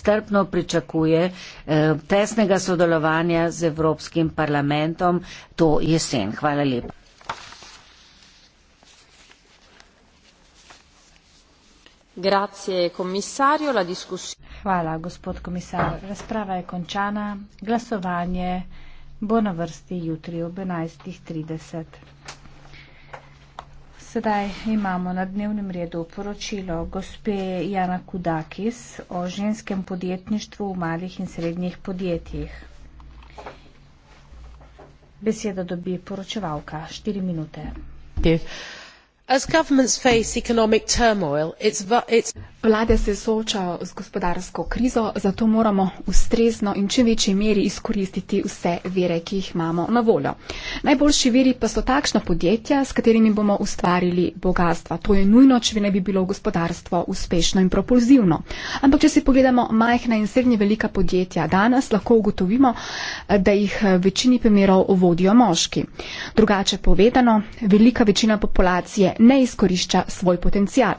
strpno pričakuje eh, tesnega sodelovanja z Evropskim parlamentom to jesen. Hvala lepa. Grazie, komisarju. Hvala, gospod komisar. Razprava je končana. Glasovanje bo na vrsti jutri ob 11.30. Sedaj imamo na dnevnem redu poročilo gospe Jana Kudakis o ženskem podjetništvu v malih in srednjih podjetjih. Beseda dobi poročevalka. 4 minute. Okay. Vlade se soočajo z gospodarsko krizo, zato moramo ustrezno in čim večji meri izkoristiti vse vere, ki jih imamo na voljo. Najboljši veri pa so takšna podjetja, s katerimi bomo ustvarili bogatstva. To je nujno, če bi ne bi bilo gospodarstvo uspešno in propulzivno. Ampak, če si pogledamo majhna in srednje velika podjetja danes, lahko ugotovimo, da jih v večini primerov vodijo moški. Drugače povedano, velika večina populacije ne izkorišča svoj potencial.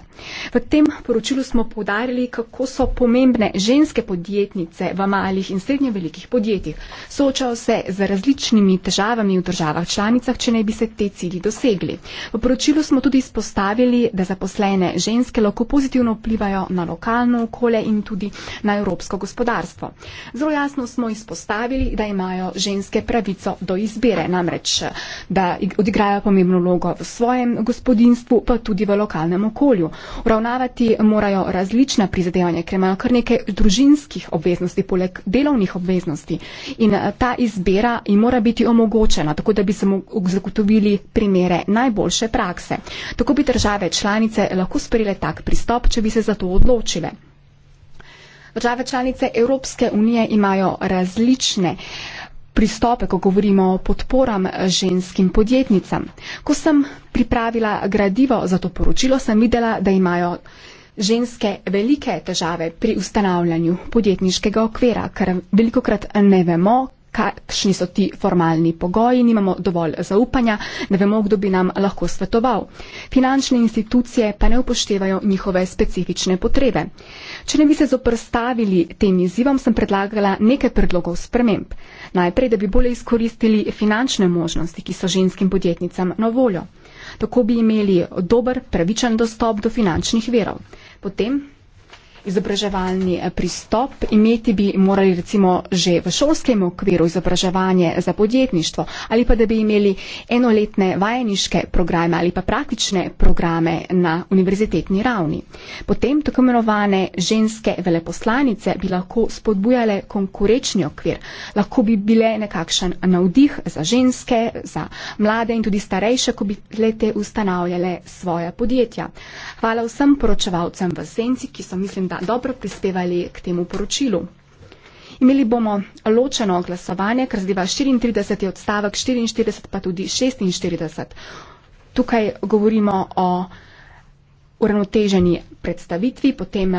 V tem poročilu smo podarili, kako so pomembne ženske podjetnice v malih in srednje velikih podjetjih. Soočajo se z različnimi težavami v državah članicah, če ne bi se te cilji dosegli. V poročilu smo tudi izpostavili, da zaposlene ženske lahko pozitivno vplivajo na lokalno okolje in tudi na evropsko gospodarstvo. Zelo jasno smo izpostavili, da imajo ženske pravico do izbire, namreč, da odigrajo pomembno logo v svojem gospodinstvu gospodinstvu, pa tudi v lokalnem okolju. Uravnavati morajo različna prizadevanja, ker imajo kar nekaj družinskih obveznosti, poleg delovnih obveznosti. In eh, ta izbira jim mora biti omogočena, tako da bi se zagotovili primere najboljše prakse. Tako bi države članice lahko sprejele tak pristop, če bi se za to odločile. Države članice Evropske unije imajo različne uh, pristope, ko govorimo o podporam eh, ženskim podjetnicam. Ko sem pripravila gradivo za to poročilo, sem videla, da imajo ženske velike težave pri ustanavljanju podjetniškega okvira, ker veliko krat ne vemo, kakšni so ti formalni pogoji, nimamo dovolj zaupanja, ne vemo, kdo bi nam lahko svetoval. Finančne institucije pa ne upoštevajo njihove specifične potrebe. Če ne bi se zoprstavili tem izzivom, sem predlagala nekaj predlogov sprememb. Najprej, da bi bolje izkoristili finančne možnosti, ki so ženskim podjetnicam na voljo. Tako bi imeli dober, pravičen dostop do finančnih verov. Potem izobraževalni eh, pristop. Imeti bi morali recimo že v šolskem okviru izobraževanje za podjetništvo ali pa da bi imeli enoletne vajeniške programe ali pa praktične programe na univerzitetni ravni. Potem tako imenovane ženske veleposlanice bi lahko spodbujale konkurečni okvir. Lahko bi bile nekakšen navdih za ženske, za mlade in tudi starejše, ko bi lete ustanavljale svoje podjetja. Hvala vsem poročevalcem v Senci, ki so mislim, menda dobro prispevali k temu poročilu. Imeli bomo ločeno glasovanje, ker zdiva 34. odstavek, 44 pa tudi 46. Tukaj govorimo o uravnoteženi predstavitvi, potem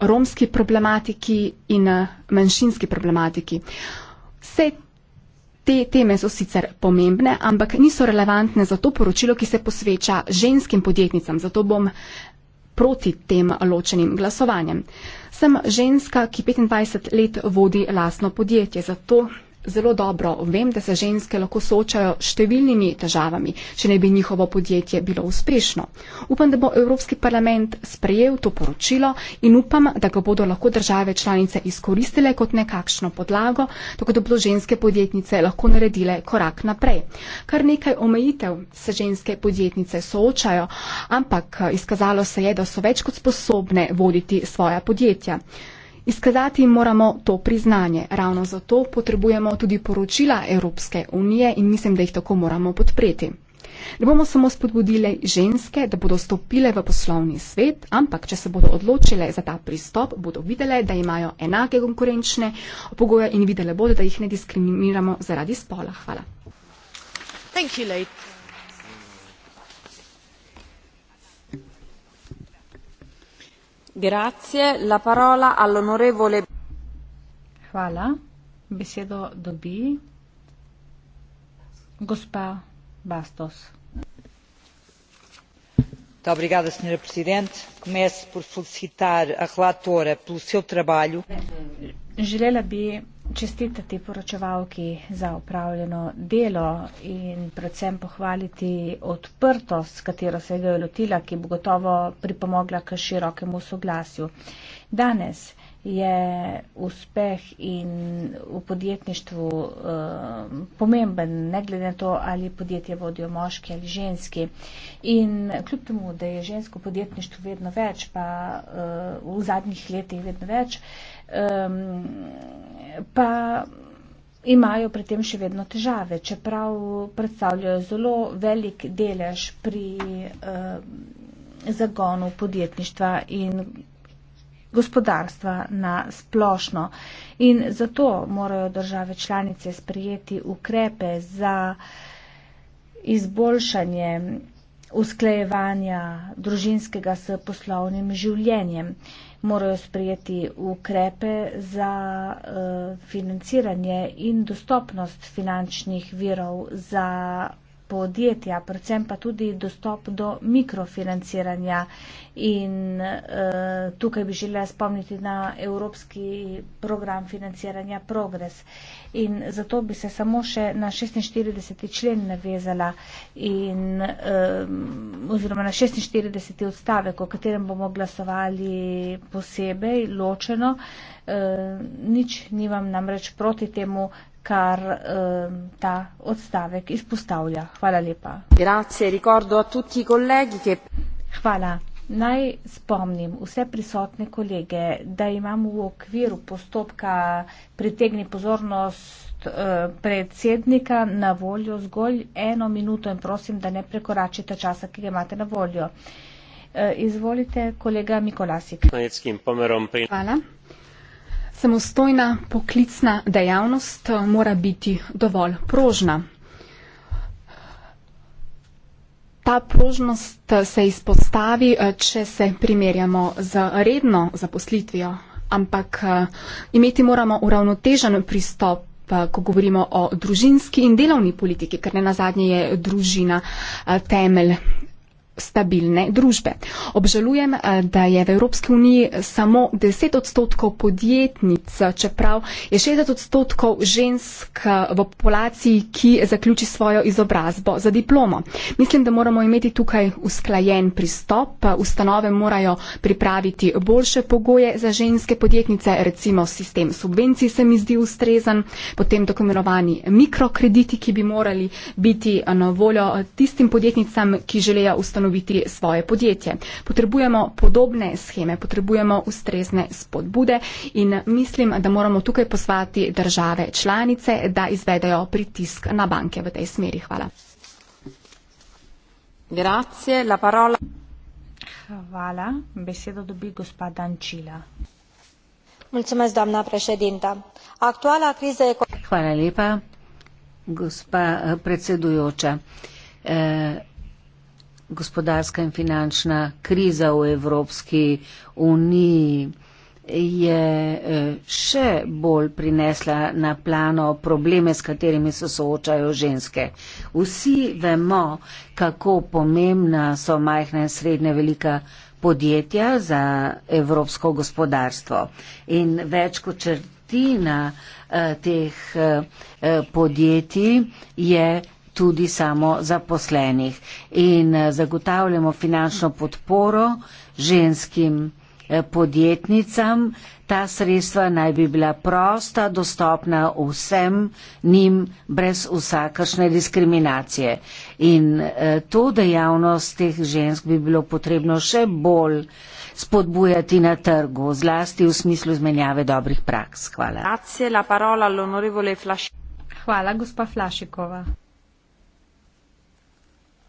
romski problematiki in manjšinski problematiki. Vse te teme so sicer pomembne, ampak niso relevantne za to poročilo, ki se posveča ženskim podjetnicam. Zato bom proti tem ločenim glasovanjem. Sem ženska, ki 25 let vodi lasno podjetje, zato zelo dobro vem, da se ženske lahko soočajo s številnimi težavami, če ne bi njihovo podjetje bilo uspešno. Upam, da bo Evropski parlament sprejel to poročilo in upam, da ga bodo lahko države članice izkoristile kot nekakšno podlago, tako da bodo ženske podjetnice lahko naredile korak naprej. Kar nekaj omejitev se ženske podjetnice soočajo, ampak eh, izkazalo se je, da so več kot sposobne voditi svoja podjetja. Izkazati moramo to priznanje. Ravno zato potrebujemo tudi poročila Evropske unije in mislim, da jih tako moramo podpreti. Ne bomo samo spodbudili ženske, da bodo stopile v poslovni svet, ampak če se bodo odločile za ta pristop, bodo videle, da imajo enake konkurenčne pogoje in videle bodo, da jih ne diskriminiramo zaradi spola. Hvala. Thank you, Hvala. Besedo dobi gospa Bastos. Obrigada, senhora Presidente. Começo por felicitar a relatora pelo seu trabalho. Želela bi čestitati poročevalki za upravljeno delo in predvsem pohvaliti odprtost, katero se je ga lotila, ki bo gotovo pripomogla k širokemu soglasju. Danes je uspeh in v podjetništvu eh, pomemben, ne glede na to, ali podjetje vodijo moški ali ženski. In kljub temu, da je žensko podjetništvo vedno več, pa eh, v zadnjih letih vedno več, eh, um, pa imajo pri tem še vedno težave, čeprav predstavljajo zelo velik delež pri uh, zagonu podjetništva in gospodarstva na splošno. In zato morajo države članice sprijeti ukrepe za izboljšanje usklejevanja družinskega s poslovnim življenjem. Uh, morajo sprijeti ukrepe za eh, financiranje in dostopnost finančnih virov za podjetja, predvsem pa tudi dostop do mikrofinanciranja. In eh, tukaj bi želela spomniti na Evropski program financiranja Progres. In zato bi se samo še na 46. člen navezala in, eh, oziroma na 46. odstavek, o katerem bomo glasovali posebej, ločeno. Eh, nič nimam namreč proti temu, kar um, ta odstavek izpostavlja. Hvala lepa. Grazie, ricordo a tutti i colleghi che... Hvala. Naj spomnim vse prisotne kolege, da imamo v okviru postopka pritegni pozornost eh, predsednika na voljo zgolj eno minuto in prosim, da ne prekoračite časa, ki ga imate na voljo. Eh, izvolite, kolega Mikolasik. Hvala. Samostojna poklicna dejavnost eh, mora biti dovolj prožna. Ta prožnost eh, se izpostavi, eh, če se primerjamo z redno zaposlitvijo, ampak imeti moramo uravnotežen pristop, ko govorimo o družinski in delovni politiki, ker ne nazadnje je družina temelj stabilne družbe. Obžalujem, eh, da je v Evropski uniji samo 10 odstotkov podjetnic, čeprav je 60 odstotkov žensk eh, v populaciji, ki zaključi svojo izobrazbo za diplomo. Mislim, da moramo imeti tukaj usklajen pristop. Ustanove morajo pripraviti boljše pogoje za ženske podjetnice, recimo sistem subvencij se mi zdi ustrezen, potem dokumentovani mikrokrediti, ki bi morali biti eh, na voljo tistim podjetnicam, ki želijo ustanoviti ustanoviti svoje podjetje. Potrebujemo podobne scheme, potrebujemo ustrezne spodbude in mislim, da moramo tukaj posvati države članice, da izvedajo pritisk na banke v tej smeri. Hvala. Grazie, la parola. Hvala. Besedo dobi gospa Dančila. Mulțumesc, doamna președintă. Actuala criză economică. Hvala lepa, gospa eh, predsedujoča. Eh, gospodarska in finančna kriza v Evropski uniji je eh, še bolj prinesla na plano probleme, s katerimi se soočajo ženske. Vsi vemo, kako pomembna so majhna in srednja velika podjetja za evropsko gospodarstvo. In več kot črtina eh, teh eh, podjetij je tudi samo zaposlenih in eh, zagotavljamo finančno podporo ženskim eh, podjetnicam. Ta sredstva naj bi bila prosta, dostopna vsem njim brez vsakašne diskriminacije. In eh, to dejavnost teh žensk bi bilo potrebno še bolj spodbujati na trgu, zlasti v smislu izmenjave dobrih praks. Hvala. Hvala, gospa Flašikova.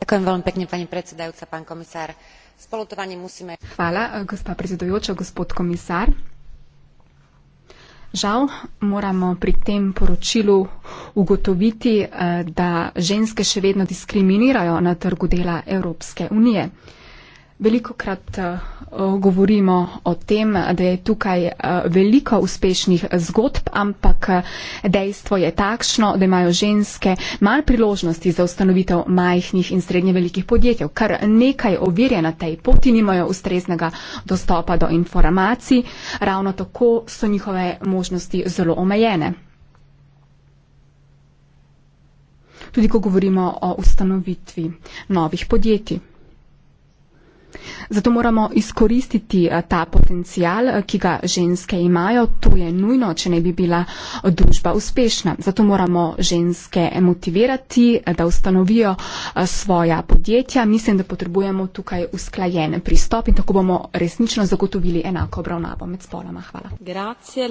Eh, Žal moramo pri tem poročilu ugotoviti, eh, da ženske še vedno diskriminirajo na trgu dela Evropske unije. Veliko krat eh, govorimo o tem, da je tukaj eh, veliko uspešnih zgodb, ampak eh, dejstvo je takšno, da imajo ženske malo priložnosti za ustanovitev majhnih in srednje velikih podjetjev, kar nekaj ovirje na tej poti nimajo ustreznega dostopa do informacij, ravno tako so njihove možnosti zelo omejene. Tudi ko govorimo o ustanovitvi novih podjetij. Zato moramo izkoristiti eh, ta potencial, eh, ki ga ženske imajo. To je nujno, če ne bi bila družba uspešna. Zato moramo ženske motivirati, eh, da ustanovijo svoja podjetja. Mislim, da potrebujemo tukaj usklajen pristop in tako bomo resnično zagotovili enako obravnavo med spoloma. Hvala. Grazie,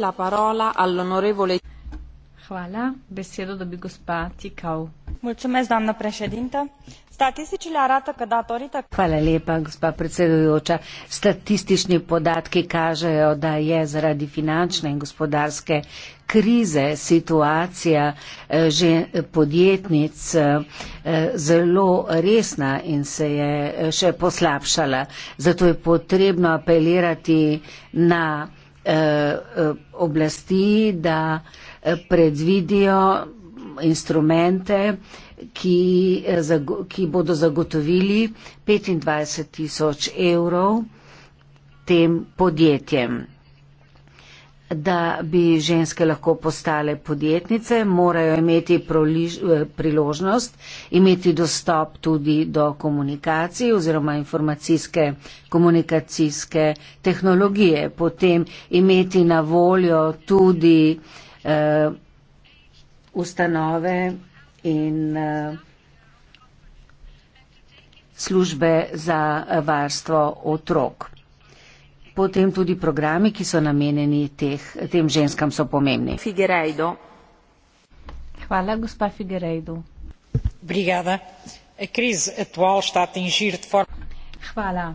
Hvala. Besedo dobi gospa Tikau. Mulțumesc, doamnă președintă. Statisticile arată că datorită... Hvala lepa, gospa predsedujoča. Statistični podatki kažejo, da je zaradi finančne in gospodarske krize situacija eh, že podjetnic eh, zelo resna in se je eh, še poslabšala. Zato je potrebno apelirati na oblasti, da predvidijo instrumente, ki, ki bodo zagotovili 25 tisoč evrov tem podjetjem. Da bi ženske lahko postale podjetnice, morajo imeti proliž, priložnost, imeti dostop tudi do komunikacij oziroma informacijske komunikacijske tehnologije, potem imeti na voljo tudi uh, uh, ustanove in uh, službe za varstvo otrok. Potem tudi programi, ki so namenjeni teh, tem ženskam, so pomembni. Figerejdo. Hvala, gospa Figerejdo. Brigada. Kriz etual štat in žirt for. Hvala.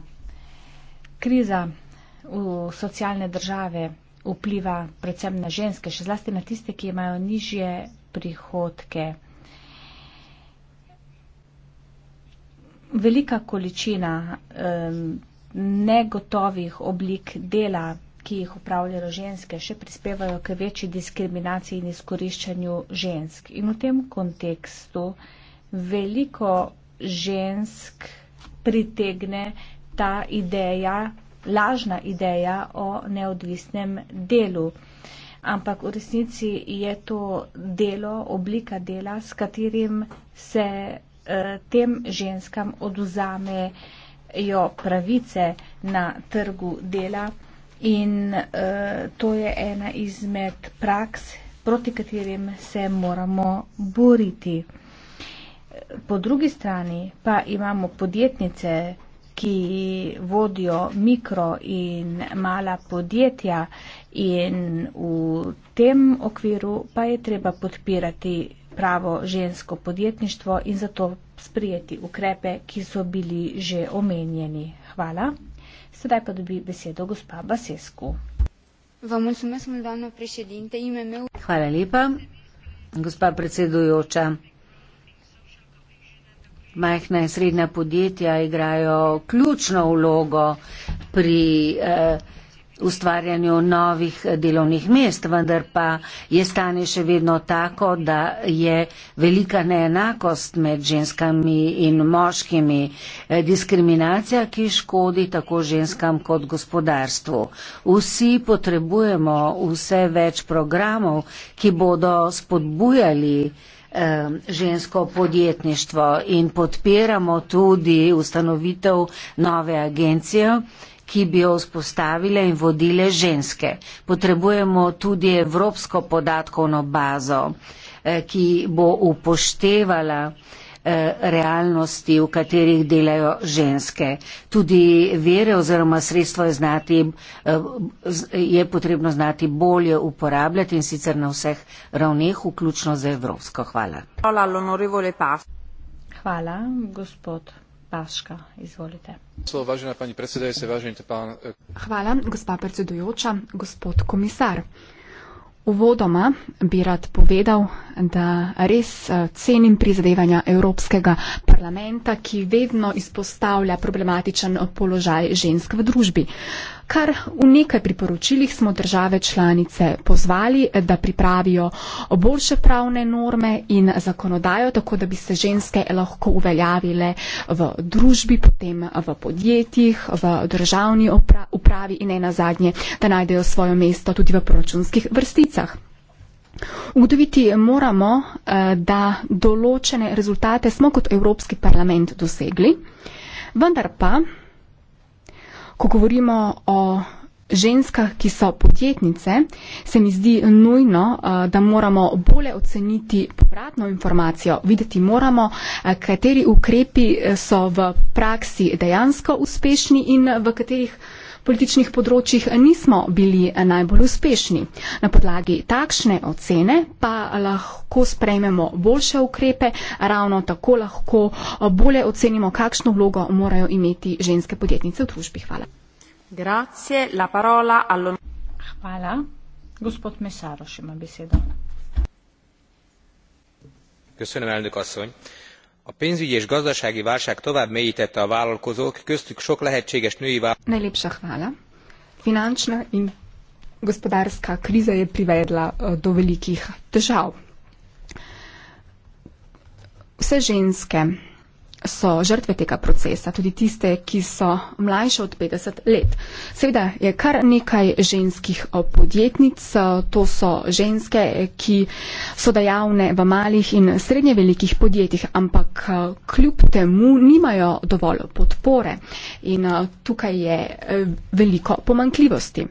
Kriza v socialne države vpliva predvsem na ženske, še zlasti na tiste, ki imajo nižje prihodke. Velika količina um, negotovih oblik dela, ki jih upravljajo ženske, še prispevajo k večji diskriminaciji in izkoriščanju žensk. In v tem kontekstu veliko žensk pritegne ta ideja lažna ideja o neodvisnem delu. Ampak v resnici je to delo, oblika dela, s katerim se eh, tem ženskam oduzamejo pravice na trgu dela. In eh, to je ena izmed praks, proti katerim se moramo boriti. Po drugi strani pa imamo podjetnice, ki vodijo mikro in mala podjetja in v tem okviru pa je treba podpirati pravo žensko podjetništvo in zato sprijeti ukrepe, ki so bili že omenjeni. Hvala. Sedaj pa dobi besedo gospa Basesku. Hvala lepa, gospa predsedujoča majhna in srednja podjetja igrajo ključno vlogo pri eh, ustvarjanju novih eh, delovnih mest, vendar pa je stanje še vedno tako, da je velika neenakost med ženskami in moškimi, eh, diskriminacija, ki škodi tako ženskam kot gospodarstvu. Vsi potrebujemo vse več programov, ki bodo spodbujali žensko podjetništvo in podpiramo tudi ustanovitev nove agencije, ki bi jo vzpostavile in vodile ženske. Potrebujemo tudi evropsko podatkovno bazo, eh, ki bo upoštevala Eh, realnosti, v katerih delajo ženske. Tudi vere oziroma sredstvo je, znati, eh, je potrebno znati bolje uporabljati in sicer na vseh ravneh, vključno za Evropsko. Hvala. Hvala, Lonorivole Pas. Hvala, gospod Paška, izvolite. Hvala, gospa predsedujoča, gospod komisar. Uvodoma bi rad povedal, da res eh, cenim prizadevanja Evropskega parlamenta, ki vedno izpostavlja problematičen položaj žensk v družbi. Kar v nekaj priporočilih smo države članice pozvali, da pripravijo boljše pravne norme in zakonodajo, tako da bi se ženske lahko uveljavile v družbi, potem v podjetjih, v državni upravi in ena zadnje, da najdejo svojo mesto tudi v proračunskih vrsticah. Ugotoviti moramo, eh, da določene rezultate smo kot Evropski parlament dosegli, vendar pa ko govorimo o ženskah, ki so podjetnice, se mi zdi nujno, eh, da moramo bolje oceniti povratno informacijo, videti moramo, eh, kateri ukrepi eh, so v praksi dejansko uspešni in v katerih političnih področjih nismo bili najbolj uspešni. Na podlagi takšne ocene pa lahko sprejmemo boljše ukrepe, ravno tako lahko bolje ocenimo, kakšno vlogo morajo imeti ženske podjetnice v družbi. Hvala. Grazie, la parola allo... Hvala. Gospod Mesaroš ima besedo. Köszönöm, elnök asszony. Uh, a pénzügyi és gazdasági válság tovább mélytette a vállalkozók, köztük sok lehetséges női vállalkozó. Najlepša hvala. Finančna in gospodarska kriza je privedla eh, do velikih težav. Vse ženske, so žrtve tega procesa, tudi tiste, ki so mlajše od 50 let. Seveda je kar nekaj ženskih eh, podjetnic, eh, to so ženske, eh, ki so dejavne v malih in srednje velikih podjetjih, ampak kljub temu nimajo dovolj podpore in tukaj je veliko pomankljivosti.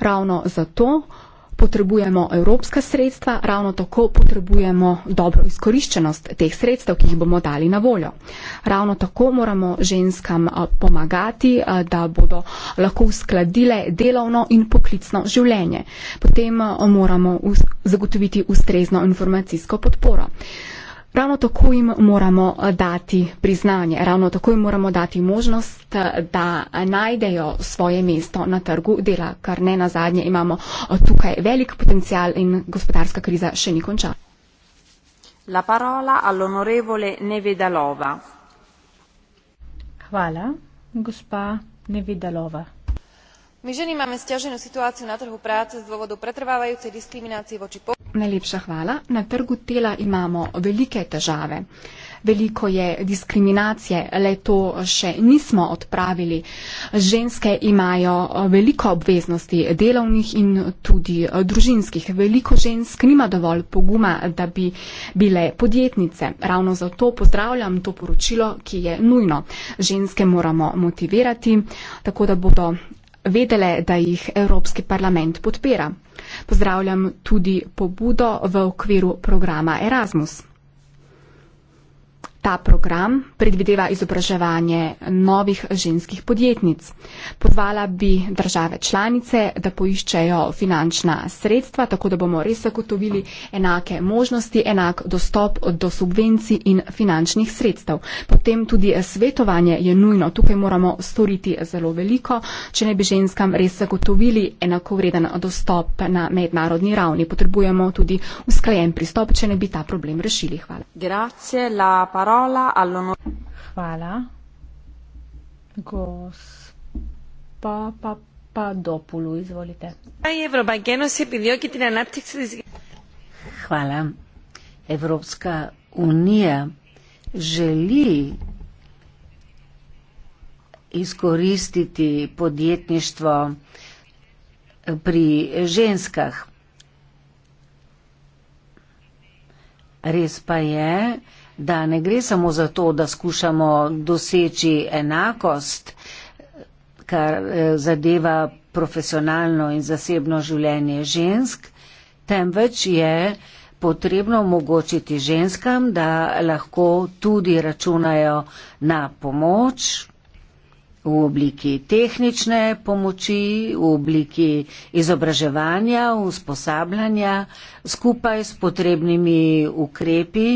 Ravno zato potrebujemo evropska sredstva, ravno tako potrebujemo dobro izkoriščenost teh sredstev, ki jih bomo dali na voljo. Ravno tako moramo ženskam pomagati, da bodo lahko uskladile delovno in poklicno življenje. Potem moramo zagotoviti ustrezno informacijsko podporo. Ravno tako jim moramo eh, dati priznanje, ravno tako jim moramo dati možnost, eh, da najdejo svoje mesto na trgu dela, kar ne na zadnje imamo eh, tukaj velik potencial in gospodarska kriza še ni končala. La parola all'onorevole Nevedalova. Hvala, gospa Nevedalova. My ženy máme stiaženú situáciu na trhu práce z dôvodu pretrvávajúcej diskriminácie voči Najlepša hvala. Na trgu tela imamo velike težave. Veliko je diskriminacije, le to še nismo odpravili. Ženske imajo veliko obveznosti delovnih in tudi družinskih. Veliko žensk nima dovolj poguma, da bi bile podjetnice. Ravno zato pozdravljam to poročilo, ki je nujno. Ženske moramo motivirati, tako da bodo vedele, da jih Evropski parlament podpira. Pozdravljam tudi pobudo v okviru programa Erasmus ta program predvideva izobraževanje novih ženskih podjetnic. Pozvala bi države članice, da poiščejo finančna sredstva, tako da bomo res zagotovili enake možnosti, enak dostop do subvencij in finančnih sredstev. Potem tudi svetovanje je nujno. Tukaj moramo storiti zelo veliko, če ne bi ženskam res zagotovili enakovreden dostop na mednarodni ravni. Potrebujemo tudi usklajen pristop, če ne bi ta problem rešili. Hvala. Grazie, parola all'onore. Hvala. Gospa Papadopoulou, izvolite. Hvala. Evropska unija želi izkoristiti podjetništvo pri ženskah. Res pa je, da ne gre samo za to, da skušamo doseči enakost, kar eh, zadeva profesionalno in zasebno življenje žensk, temveč je potrebno omogočiti ženskam, da lahko tudi računajo na pomoč v obliki tehnične pomoči, v obliki izobraževanja, usposabljanja skupaj s potrebnimi ukrepi.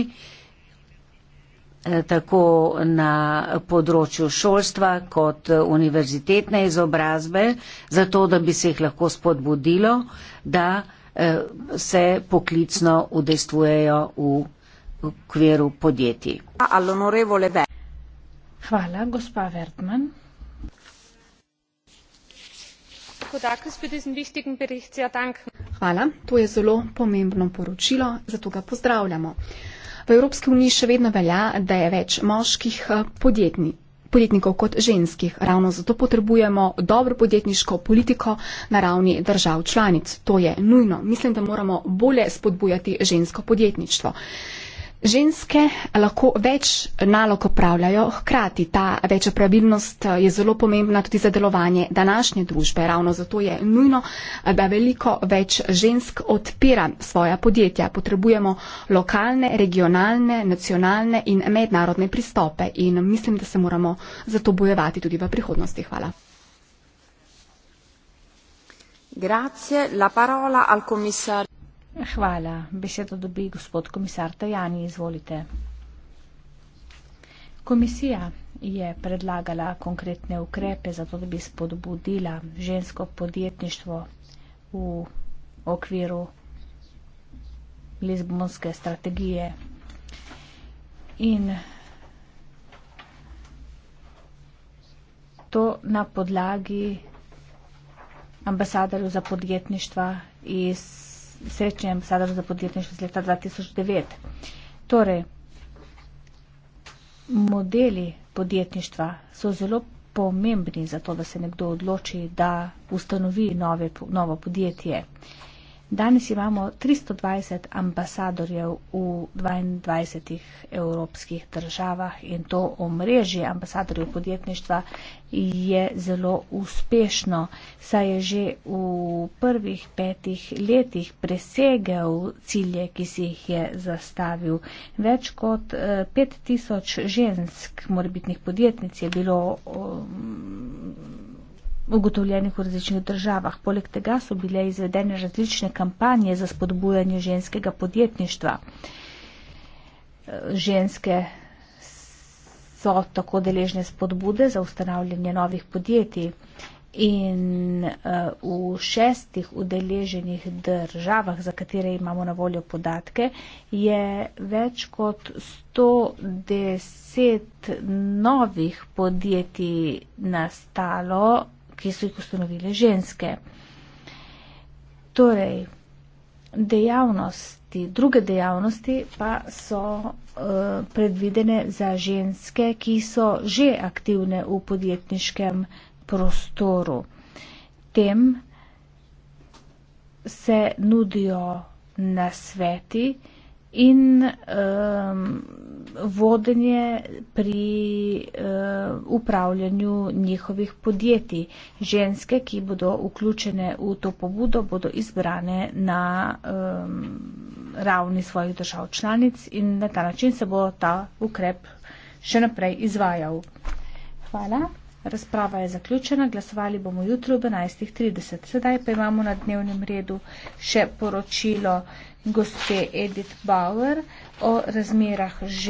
Eh, tako na področju šolstva kot eh, univerzitetne izobrazbe, zato da bi se jih lahko spodbudilo, da eh, se poklicno udestvujejo v okviru podjetij. Hvala, gospa Wertmann. Hvala, to je zelo pomembno poročilo, zato ga pozdravljamo. V Evropski uniji še vedno velja, da je več moških eh, podjetni, podjetnikov kot ženskih. Ravno zato potrebujemo dobro podjetniško politiko na ravni držav članic. To je nujno. Mislim, da moramo bolje spodbujati žensko podjetništvo. Ženske lahko več nalog opravljajo, hkrati ta večja pravilnost eh, je zelo pomembna tudi za delovanje današnje družbe. Ravno zato je nujno, eh, da veliko več žensk odpira svoja podjetja. Potrebujemo lokalne, regionalne, nacionalne in mednarodne pristope in mislim, da se moramo za to bojevati tudi v prihodnosti. Hvala. Grazie, la parola al commissario. Hvala. Besedo dobi gospod komisar Tajani. Izvolite. Komisija je predlagala konkretne ukrepe za to, da bi spodbudila žensko podjetništvo v okviru Lizbonske strategije. In to na podlagi ambasadorjev za podjetništva iz srečni ambasador za podjetništvo iz leta 2009. Torej, modeli podjetništva so zelo pomembni za to, da se nekdo odloči, da ustanovi nove, novo podjetje. Danes imamo 320 ambasadorjev v 22 evropskih državah in to omrežje ambasadorjev podjetništva je zelo uspešno, saj je že v prvih petih letih presegel cilje, ki si jih je zastavil. Več kot 5000 eh, žensk morbitnih podjetnic je bilo um, ugotovljenih v različnih državah. Poleg tega so bile izvedene različne kampanje za spodbujanje ženskega podjetništva. Ženske so tako deležne spodbude za ustanavljanje novih podjetij. In eh, v šestih udeleženih državah, za katere imamo na voljo podatke, je več kot 110 novih podjetij nastalo ki so jih ustanovile ženske. Torej, dejavnosti, druge dejavnosti pa so uh, predvidene za ženske, ki so že aktivne v podjetniškem prostoru. Tem se nudijo na sveti, uh, in um, vodenje pri um, upravljanju njihovih podjetij. Ženske, ki bodo vključene v to pobudo, bodo izbrane na um, ravni svojih držav članic in na ta način se bo ta ukrep še naprej izvajal. Hvala. Razprava je zaključena, glasovali bomo jutri ob 11.30. Sedaj pa imamo na dnevnem redu še poročilo gospe Edith Bauer o razmerah že.